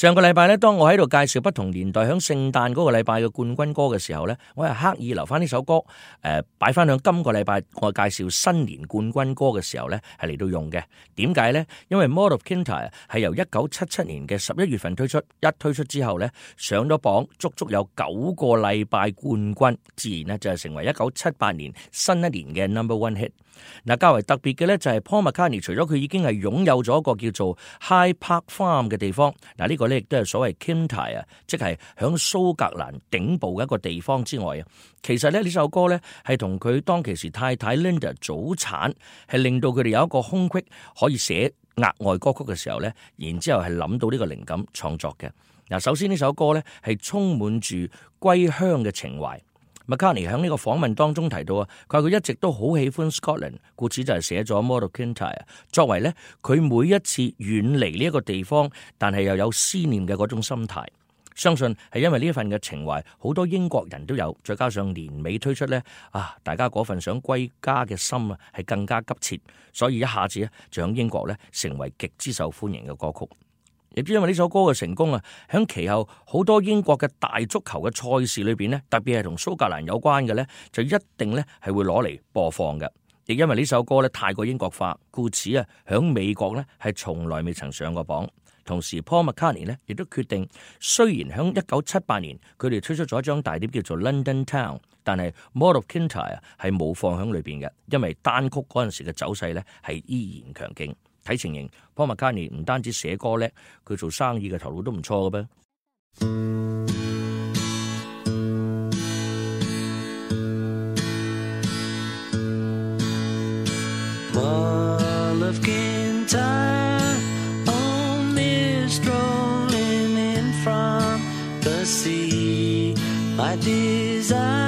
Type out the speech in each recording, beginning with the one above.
上個禮拜咧，當我喺度介紹不同年代響聖誕嗰個禮拜嘅冠軍歌嘅時候呢，我係刻意留翻，呢首歌誒，擺翻響今個禮拜我介紹新年冠軍歌嘅時候呢，係嚟到用嘅。點解呢？因為《Mull Of Kintyre》係由一九七七年嘅十一月份推出，一推出之後呢，上咗榜，足足有九個禮拜冠軍，自然呢就係成為一九七八年新一年嘅 Number One Hit。嗱，較為特別嘅咧就係 Paul McCartney 除咗佢已經係擁有咗一個叫做 High Park Farm 嘅地方，嗱、這、呢個咧亦都係所謂 Kintyre 啊，即係響蘇格蘭頂部嘅一個地方之外啊，其實咧呢首歌咧係同佢當其時太太 Linda 早產係令到佢哋有一個空隙可以寫額外歌曲嘅時候咧，然之後係諗到呢個靈感創作嘅。嗱，首先呢首歌咧係充滿住歸鄉嘅情懷。麥卡尼喺呢個訪問當中提到啊，佢話佢一直都好喜歡 Scotland，故此就係寫咗《Mull Of Kintyre》作為呢，佢每一次遠離呢一個地方，但係又有思念嘅嗰種心態。相信係因為呢一份嘅情懷，好多英國人都有。再加上年尾推出呢，啊，大家嗰份想歸家嘅心啊，係更加急切，所以一下子咧就喺英國咧成為極之受歡迎嘅歌曲。亦都因為呢首歌嘅成功啊，喺其後好多英國嘅大足球嘅賽事裏邊呢，特別係同蘇格蘭有關嘅呢，就一定呢係會攞嚟播放嘅。亦因為呢首歌呢太過英國化，故此啊，喺美國呢係從來未曾上過榜。同時 Paul McCartney 呢亦都決定，雖然喺一九七八年佢哋推出咗一張大碟叫做《London Town》，但係《Mull Of Kintyre》啊係冇放喺裏邊嘅，因為單曲嗰陣時嘅走勢呢係依然強勁。睇情形，保羅麥卡尼唔單止寫歌叻，佢做生意嘅頭腦都唔錯嘅噃。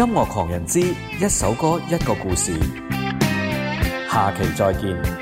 音樂狂人之一首歌一個故事，下期再見。